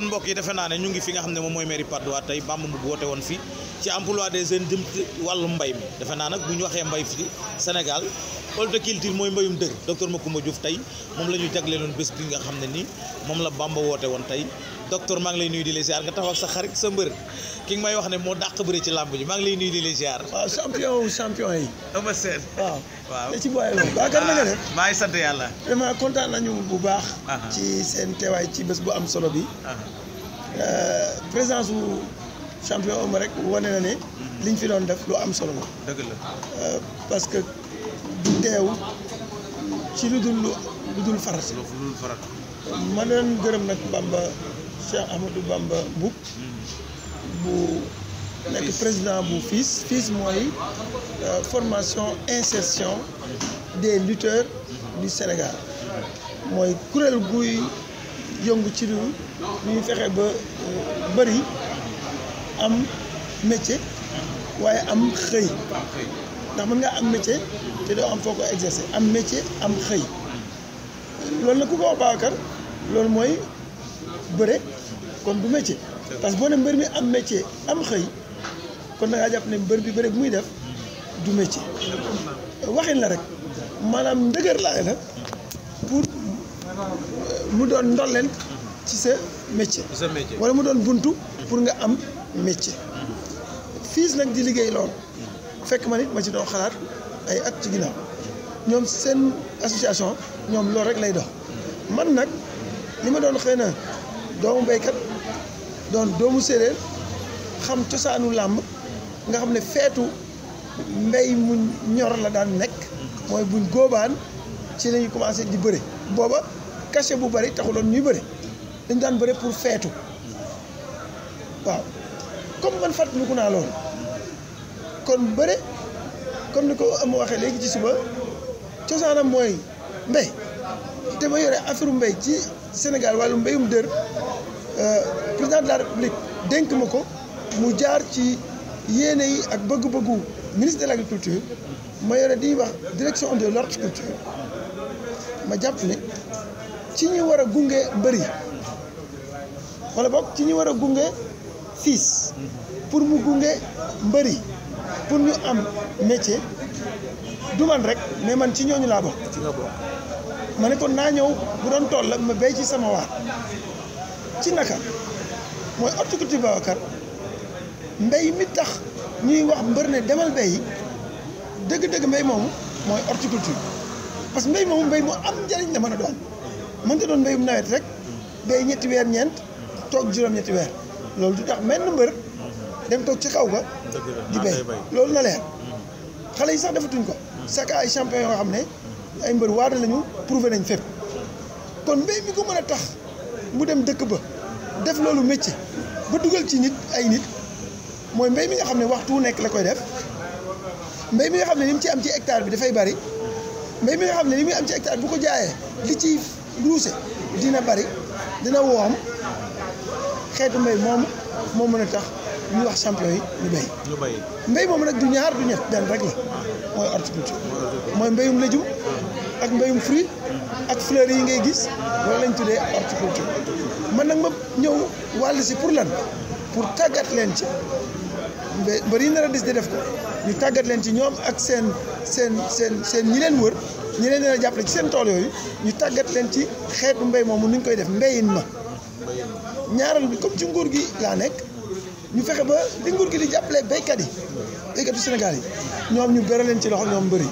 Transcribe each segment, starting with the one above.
kon mbokk yi defe naa ne ñu ngi fi nga xam ne moom mooy mairie Patte d'Oie tey Bamba Mboup woote woon fii ci emploi des jeunes jëm ci mbay mi defe naa nag bu ñu waxee mbay fii Sénégal horticulture mooy mbayum dëgg docteur Macoumba Diouf tey moom la ñu jagleeloon bés bi nga xam ne nii moom la Bamba woote woon tey docteur maa ngi lay nuyu di la ziar nga taxaw ak sa xarit sa mbër ki nga may wax ne moo dàq bëri ci làmb ji maa ngi lay nuyu di la ziar. waaw champion champion yi. am seen waaw. waaw ci booyal moom waaw kan na nga def ah, maa ngi sant yàlla vraiment kontaan nañu bu baax ah, ah. ci seen teewaay ci bés bu am solo bi euh, présence bu champion om rek wane na ne mm-hmm. liñ fi doon def lu am solo la dëgg euh, que du teew ci lu dul lu dul farat ma doon gërëm nag Bamba Cheikh Ahmadou Bamba Mboup mm-hmm. bu nekk président bu FILS FILS mooy euh, formation insertion des lutteurs du Sénégal mooy kuréel guy yongu ci réew ñuy fexe ba euh, bëri am métier waaye am xëy ndax mën ngaa am métier te doo am foo ko exercer am métier am xëy loolu nag ku ko Babacar loolu mooy bëre kon du métier parce que boo ne mbër mi am métier am xëy kon da ngaa jàpp ne mbër bi bëri bu muy def du métier waxin la rek maanaam ndëgër laay la pour euh, mu doon ndolleen ci sa métier. wala mu doon buntu pour nga am métier. fiis nag di liggéey lool fekk ma nit ma ci doo xalaat ay at ci ginnaaw ñoom seen association ñoom loolu rek lay dox man nag li ma doon xëy na doomu béykat doomu séeréer xam cosaanu làmb nga xam ne feetu mbéy mu ñor la daan nekk mooy buñ góobaan ci lañuy commencé di bëre booba cachet bu bari taxuloon ñuy bëre dañ daan bëre pour feetu waaw comme man fàttaliku naa loolu kon bëre comme ni ko am waxee léegi ci suba cosaanam mooy mbéy te ma yore affaire mbéy ci Sénégal wàllu mbéyum dër euh, président la république dénk ma ko mu jaar ci yéene yi ak bëgg-bëggu ministre de l' agriculture ma yore di wax direction de l' horticulture ma jàpp ne ci ñu war a gunge bëri wala bokk ci ñu war a gunge fiis pour mu gunge mbëri pour ñu am métier du man rek mais man ci ñooñu laa bokk ma ne kon naa ñëw bu doon tool la ma béy ci sama waar ci naka mooy horticulture Babacar mbéy mi tax ñuy wax mbër ne demal béy dëgg-dëgg mbéy moomu mooy horticulture parce que mbéy moomu mbay mu am njëriñ la mën a doon mënta doon mbéyum nawet rek béy ñetti weer ñeent toog juróom-ñetti weer loolu du tax menn mbër dem toog ci kaw ga di béy loolu na leer xale yi sax defatuñ ko chaque ay champion yoo xam ne ay mbër waada lañu prouvé nañ fépp kon mbay mi ko mën a tax mu dem dëkk ba def loolu métier ba dugal ci nit ay nit mooy mbéy mi nga xam ne waxtu wu nekk la koy def mbey mi nga xam ne li mu ci am ci hectare bi dafay bari mbéy mi nga xam ne li muy am ci hectare bu ko jaayee li ci luuse dina bari dina woom xeetu mbéy moom moo mën a tax ñu wax champion yi ñu béy. ñu béy moom nag du ñaar du ñett benn rek la mooy horticulture. mooy mbéyum lëjum ak mbéyum fruit ak fleurs yi ngay gis loolu lañ tuddee horticulture mën nag ma ñëw wàll si pour lan pour tàggat leen ci. mbër yi nar a des di def ko ñu tàggat leen ci ñoom ak seen seen seen ñi leen wër ñi leen dina jàppale ci seen tool yooyu ñu tàggat leen ci xeetu mbéy moomu nu ñu koy def mbéyin ma ñaaral bi comme ci nguur gi laa nekk ñu fexe ba li nguur gi di jàppale béykat yi béykatu Sénégal yi ñoom ñu bëra leen ci loxo ñoom mbër yi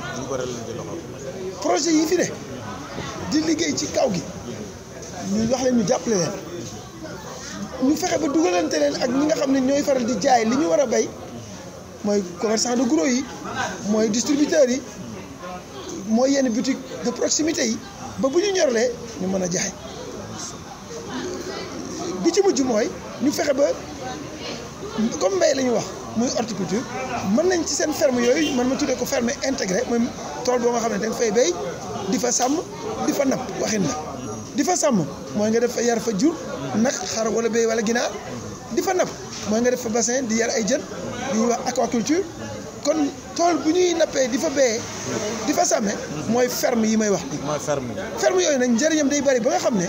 projet yi fi ne di liggéey ci kaw gi ñu wax leen ñu jàppale leen ñu fexe ba dugalante leen ak ñi nga xam ne ñooy faral di jaay li ñu war a béy mooy commerçant de gros yi mooy distributeurs yi mooy yenn boutique de proximité yi ba bu ñu ñorlee ñu mën a jaxe bi ci mujj mooy ñu fexe ba comme mbay la ñu wax muy horticulture mën nañ ci seen ferme yooyu mën ma tuddee ko ferme intégrée mooy tool boo nga xam ne da nga fay bay di fa sàmm di fa napp waxin la di fa sàmm mooy nga def fa yar fa jur nag xar wala béy wala ginaar di fa napp mooy nga def fa bassin di yar ay jën ñuy wax aquaculture kon tool bu ñuy nappee di fa béyee di fa sàmmee mooy ferm yi may wax nii mooy ferme ferme yooyu nag njëriñam day bari ba nga xam ne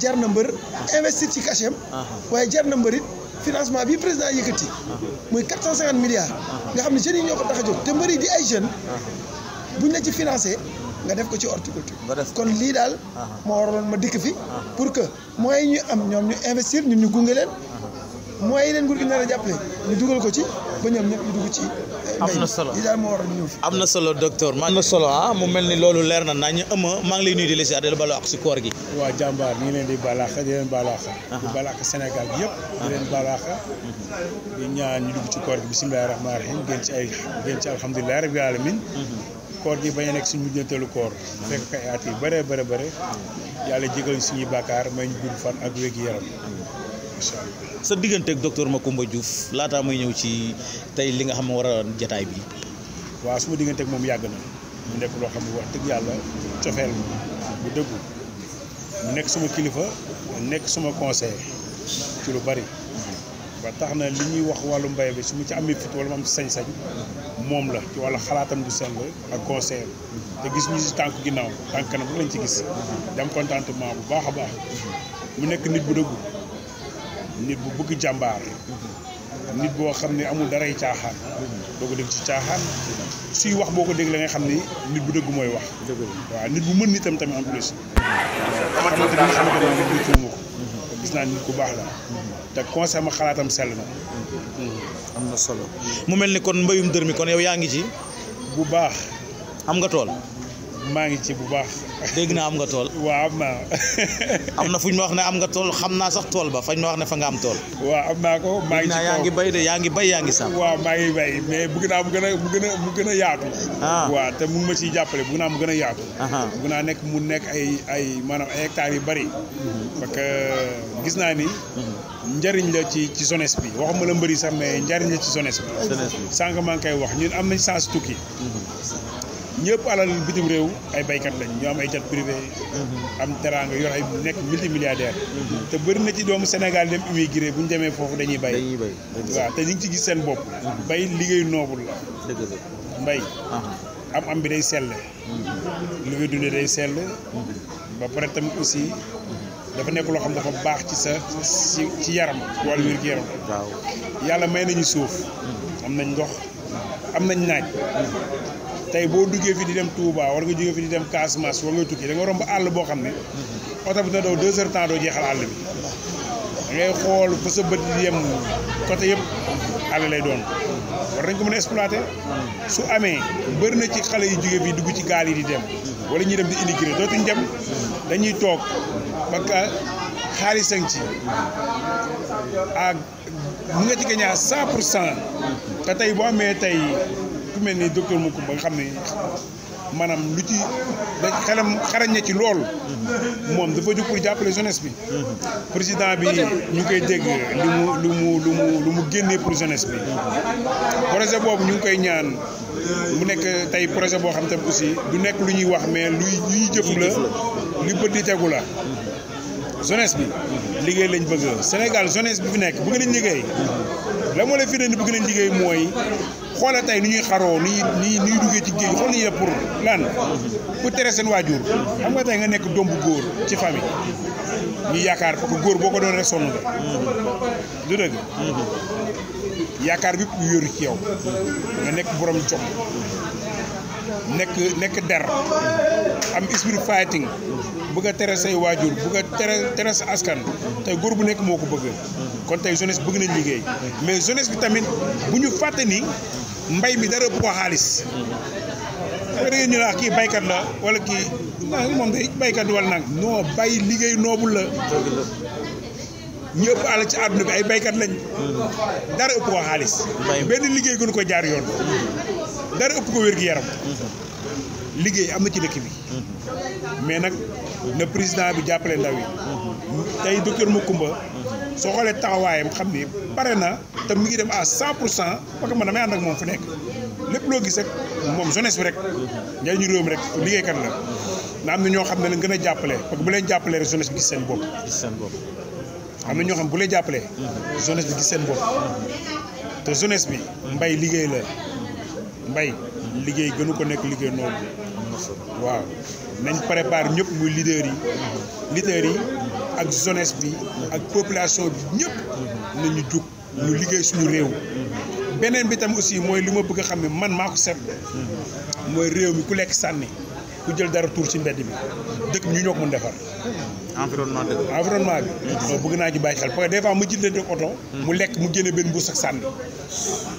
jar na mbër investir ci cachet am waaye jar na mbërit financement bi président yëkkati muy quatre cent cinquante milliards nga xam ne jeunes yi ñoo ko tax a jóg te mbëri di ay jeunes buñ la ci financé nga def ko ci horticulture kon lii daal moo waraloon ma dikk fi pour que moyens yi ñu am ñoom ñu investir ñun ñu gunge leen mooy leen nguur gi nar a jàppale ñu dugal ko ci ba ñoom ñëpp ñu dugg ci. am na moo waral fi. am na solo docteur man. na solo ah mu mel ni loolu leer na nañu ëmma maa ngi lay nuyu di la si àddina balaa ak si koor gi. waa jàmbaar ñu ngi leen di balaax di leen balaax. di balaax Sénégal bi yëpp. di leen balaax. di ñaan ñu dugg ci koor gi bisimilah rahmaani rahiim gën ci ay gën ci alhamdulilah yàlla alamin koor gi bañ a nekk suñu mujjantalu koor fekk kay at bare bare bare yàlla jégal suñuy bàkkaar may ñu fan ak wér gi sa digganteeg ma Macoumba Diouf laataa may ñëw ci tey li nga xam ne war a jataay bi. waaw suma ma digganteeg moom yàgg na mu nekk loo xam ne wax dëgg yàlla cofeel bu dëggu mu nekk sama kilifa nekk suma conseil ci lu bari ba tax na li ñuy wax wàllu mbay bi su ma ci amee fit wala ma am sañ-sañ moom la ci wàllu xalaatam bu sell ak conseil te gis ñu si tànk ginnaaw tànk kanam bu lañ ci gis dem contentement bu baax a baax mu nekk nit bu dëggu nit bu bëgg jàmbaar nit boo xam ne amul daray caaxaan doo ko dégg ci caaxaan suy wax boo ko dégg la nga xam ni nit bu dëgg mooy wax waaw nit bu mën nitam tamit en plus gis naa nit ku baax la te conseil ma xalaatam sell na am na solo mu mel ni kon mbayum dër mi kon yow yaa ngi ci bu baax am nga tool maa ngi ci bu baax. dégg naa am nga tool. waaw am na fu ñu wax ne am nga tool xam naa sax tool ba fañ ma wax ne fa nga am tool. waa am naa ko maa ngi ci de yaa ngi bay yaa ngi sàmm. waaw maa ngi bay mais bëgg naa mu gën mu gën a mu a ah. waaw te mu ma ciy jàppale bëgg naa mu gën a yaatu. bëgg naa nekk mu nekk ay ay maanaam ay hectares yu bari. Mhm. gis naa ni. Mhm. njariñ la ci ci jeunesse bi waxuma la mbëri sax mais njariñ la ci jeunesse sànq maa ngi koy wax ñun am nañ chance tukki mhm. ñëpp alal bitim réew ay baykat lañ ñu am ay jet privé mhm. am teraanga yor ay nekk multimilliardaire te bëri na ci doomu Sénégal dem immigré bu ñu demee foofu dañuy bay waaw te ñu ngi ci gis seen bopp mhm. bay liggéeyu noobul la mbay am am bi day sell lu nga dundee day sell mhm. ba pare tamit aussi dafa nekk loo xam dafa baax ci sa ci yaram wàllu wér gi yaram yàlla may nañu suuf am nañ ndox am nañ naaj tey boo duggee fii di dem Touba war nga jógee fi di dem Casamance war nga tukki da romb àll boo xam ne oto bi na daw deux heures temps doo jeexal àll bi da ngay xool fa sa bët di yem côté yëpp àll lay doon war nañ ko mën a exploité su amee bëri na ci xale yi jógee fi dugg ci gaal yi di dem wala ñuy dem di immigré dootuñ dem dañuy toog ba xaalis ci mu nga ci gagné cent pour cent te tey boo amee tey ku mel ni docteur Macoumba nga xam ne maanaam lu ci da xelam xarañ na ci lool moom dafa jóg pour jàppale jeunesse bi président bi ñu koy dégg lu mu lu mu lu mu lu mu génnee pour jeunesse bi projet boobu ñu ngi koy ñaan mu nekk tey projet boo xam te aussi du nekk lu ñuy wax mais luy luy jëf la lu bët di tegu la jeunesse bi liggéey lañ bëgg Sénégal jeunesse bi fi nekk bëgg nañ liggéey la moo la fi ne bëgg nañ liggéey mooy xoola tey ni ñuy xaroo ni ñuy ni ñuy duggee ci géej xool nañu pour lan ku tere seen waajur xam nga tey nga nekk doom góor ci famille ñu yaakaar parce que góor boo ko doon rek sonn nga du dëgg mm-hmm. yaakaar bi yóru ci yow nga nekk borom jox nekk nekk der am esprit fighting bëgg a tere say waajur bëgg a tere tere sa askan tey góor bu nekk moo ko bëgg kon tey jeunesse bëgg nañ liggéey mais jeunesse bi tamit bu ñu fàtte ni mbay mi dara bu ko xaalis ah, kii baykat la wala kii ah, moom day baykat wala nag non bay liggéey noobul la ñu ci àdduna bi ay baykat lañ dara ëpp ko xaalis benn liggéey gënu ko jaar yoon dara ëpp ko wér-gu-yaram liggéey am na ci dëkk bi mais nag na président bi jàppale ndaw yi tey docteur Macoumba soo xoolee taxawaayam xam ni pare na te mu ngi dem à cent pour cent parce que man ak moom fu lépp loo gis rek moom jeunesse bi rek njëriñu réew mi rek liggéeykat la na am na ñoo xam ne lañ gën a jàppale parce bu leen jàppalee rek jeunesse bi gis seen bopp gis am na ñoo xam bu leen jàppalee mhm. jeunesse bi gis seen bopp te jeunesse bi mbay liggéey la mbay liggéey gënu ko nekk liggéey noonu waaw nañ prépare ñëpp muy leader yi leader yi ak jeunesse bi ak population bi ñëpp nañu jug ñu liggéey suñu réew beneen bi tam aussi mooy li ma bëgg a xam ni man maa ko seet mooy réew mi ku lekk sànni ku jël dara tour ci mbedd bi dëkk ñu ñoo ko defar. environnement dëkk environnement bi. bëgg naa ñu bàyyi xel parce que des fois mu jëndee ak oto. mu hmm. lekk mu génne benn mbuus ak sànni.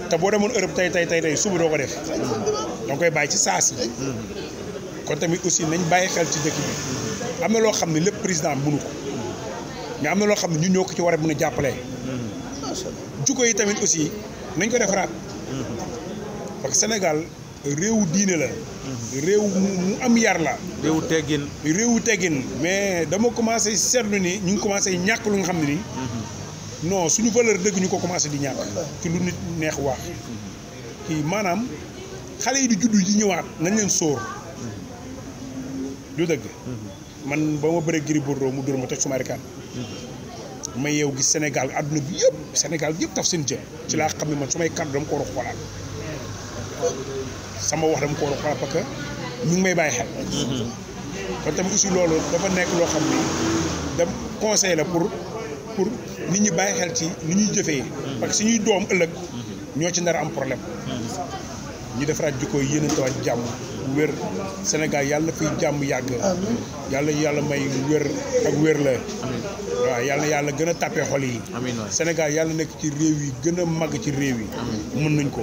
te boo demoon Europe tey tey tey tey suba doo ko def. Hmm. danga koy bàyyi ci saa si. Hmm. kon tamit aussi nañ bàyyi xel ci dëkk bi. am na loo xam ne lépp président mënu ko. am na loo xam ne ñun ñoo ko ci war a mun a jàppale. jukko yi tamit aussi nañ ko defaraat. parce que Sénégal. réewu diine la. réew mu am yar la. réewu teggin. mais dama commencé seetlu ni ñu ngi commencé ñàkk lu nga xam ne nii. Mhm. non suñu valeur dëgg ñu ko commencé di ñàkk. ci lu nit neex wax. Mhm. kii maanaam xale yi di juddu yi ñëwaat nañ leen sóor. Mhm. du dëgg. man ba ma bëree Gris Bordeaux mu dóor ma toj suma rekaan. ma yeew gi Sénégal àdduna bi yëpp Sénégal yëpp taf seen jëm. ci laa xam ne man sumay kàddu dama ko war a sama wax dama ko war a xoolal parce que ñu ngi may bàyyi xel. Mm-hmm. kon tamit aussi loolu dafa nekk loo xam ne dem conseil la pour pour nit ñi bàyyi xel ci ni ñuy jëfee. Mm-hmm. parce que ñuy doom ëllëg. Mm-hmm. ñoo ci nar am problème. ñu defaraat jikko yi yéen a jàmm. wér Sénégal yàlla fi jàmm yàgg. yàlla yàlla may wér ak wér la. waaw yàlla yàlla gën a tàppee xol yi. Sénégal yàlla nekk ci réew yi gën a màgg ci réew yi. mën nañ ko.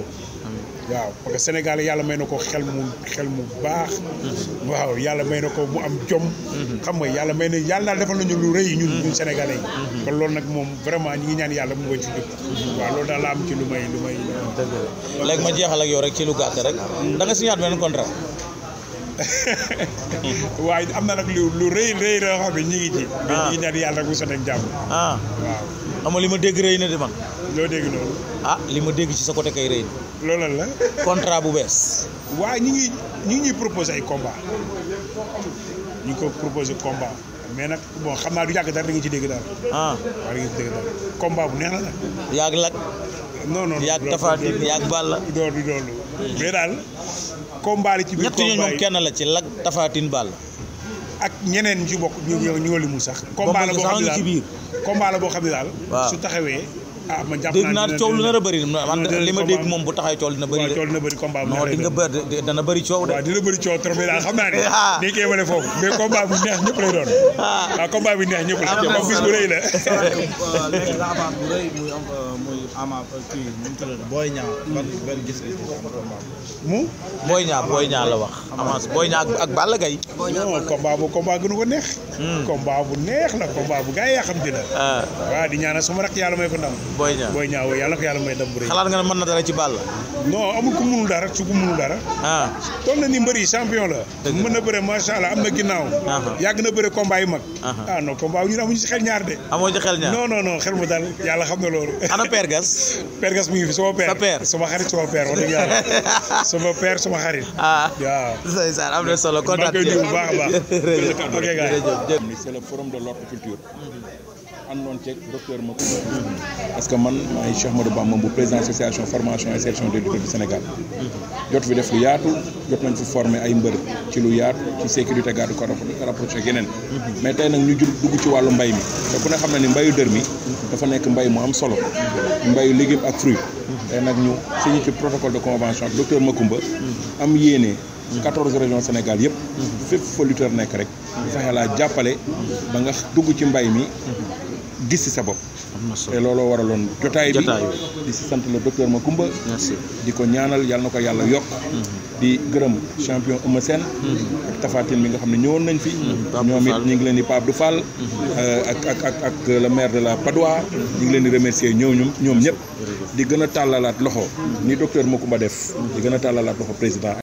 waaw parce que Sénégal yàlla may na ko xel mu xel mu baax. waaw yàlla may na ko mu am jom. xam nga yàlla may na yàlla daal defal nañu lu rëy ñun ñun sénégalais yi. kon loolu nag moom vraiment ñi ngi ñaan yàlla mu ngi ci daal am ci lu may lu may. dëgg léegi ma jeexal ak yow rek ci lu gàtt rek. da nga signaat beneen contrat. na nag lu lu ah. yàlla rek mu sotti ak ah. waaw. ama li ma dégg rëy na di man loo dégg noonu. ah li ma dégg ci sa côté kay rëy na. la. contrat bu bees. waaye ñu ngi ñu ngi ñuy proposé ay combat ñu ngi ko proposé combat mais nag bon xam naa du yàgg dara da nga ci dégg daal. ah waaw da combat bu neex la nag. yàgg lak. non non yàgg Tapha yàgg Balla. doolu doolu daal. combat li ci biir combat yi ñett ñooñu moom kenn la ci lak tafaatin Tine Balla. ak ñeneen ñu bokk ñu ñoo limu sax combat la boo xam ne daal boo xam ne daal su taxawee ah man jàpp naa dégg naa coow a li moom bu taxay coow dina bëri de coow dina bëri combat non di nga bëri dana bëri coow de waaw dina bëri ah. neex ñëpp lay doon waaw ah. ah, bi neex ñëpp la moom bis bu rëy la léegi la avance bu rëy muy am booy ñaar ban ban la wax avance bu combat gënu ko neex hmm. combat bu neex la combat bu gars yi dina waaw di ñaanal sama rak yàlla may ko booy Niang Boy Niang yàlla ko yàlla may dam bu rëy xalaat nga ne mën na dara ci Balla non amul ku mënul dara su ku mënul dara ah toll ni mbër yi champion la mën na bëre macha allah am na ginnaaw ah. yàgg na bëre combat yu mag ah, ah non combat ñu amuñu xel ñaar de amoo ci xel ñaar non non non xel mu dal yàlla xam na loolu ana Père Gas Père mu ngi fi sama père sa père xarit sama père wax dëgg xarit ah waaw sa am na solo kontaan bu baax a baax àndoon ceeg docteur Macoumba parce que man maay Cheikh Modou Bamba bu président association formation et sélection des Sénégal jot fi def lu yaatu jot nañ fi former ay mbër ci lu yaatu ci sécurité garde corps rapproché ak yeneen mais tey nag ñu jur dugg ci wàllu mbay mi te ku ne xam ne ni mbayu dër mi dafa nekk mbay mu am solo mbayu légumes ak fruits tey nag ñu signé ci protocole de convention docteur Macoumba am yéene quatorze régions Sénégal yëpp fépp fa lutteur nekk rek fexe laa jàppale ba nga dugg ci mbay mi gis si sa bopp. te looloo waraloon jotaay bi di si sant le docteur Macoumba. di ko ñaanal yàlla na ko yàlla yokk. Mm-hmm. di gërëm champion Eumeu Sène. Mm-hmm. ak Tafatine mi nga xam ne ñëwoon nañ fi. Mm-hmm. ñoom it ñu ngi leen di Pape du Fall. Euh, ak ak ak ak le maire de la Padoa. ñu ngi leen di remercier ñëw ñoom ñëpp. di gën a tàllalaat loxo. ni docteur Macoumba def. di gën a tàllalaat loxo président.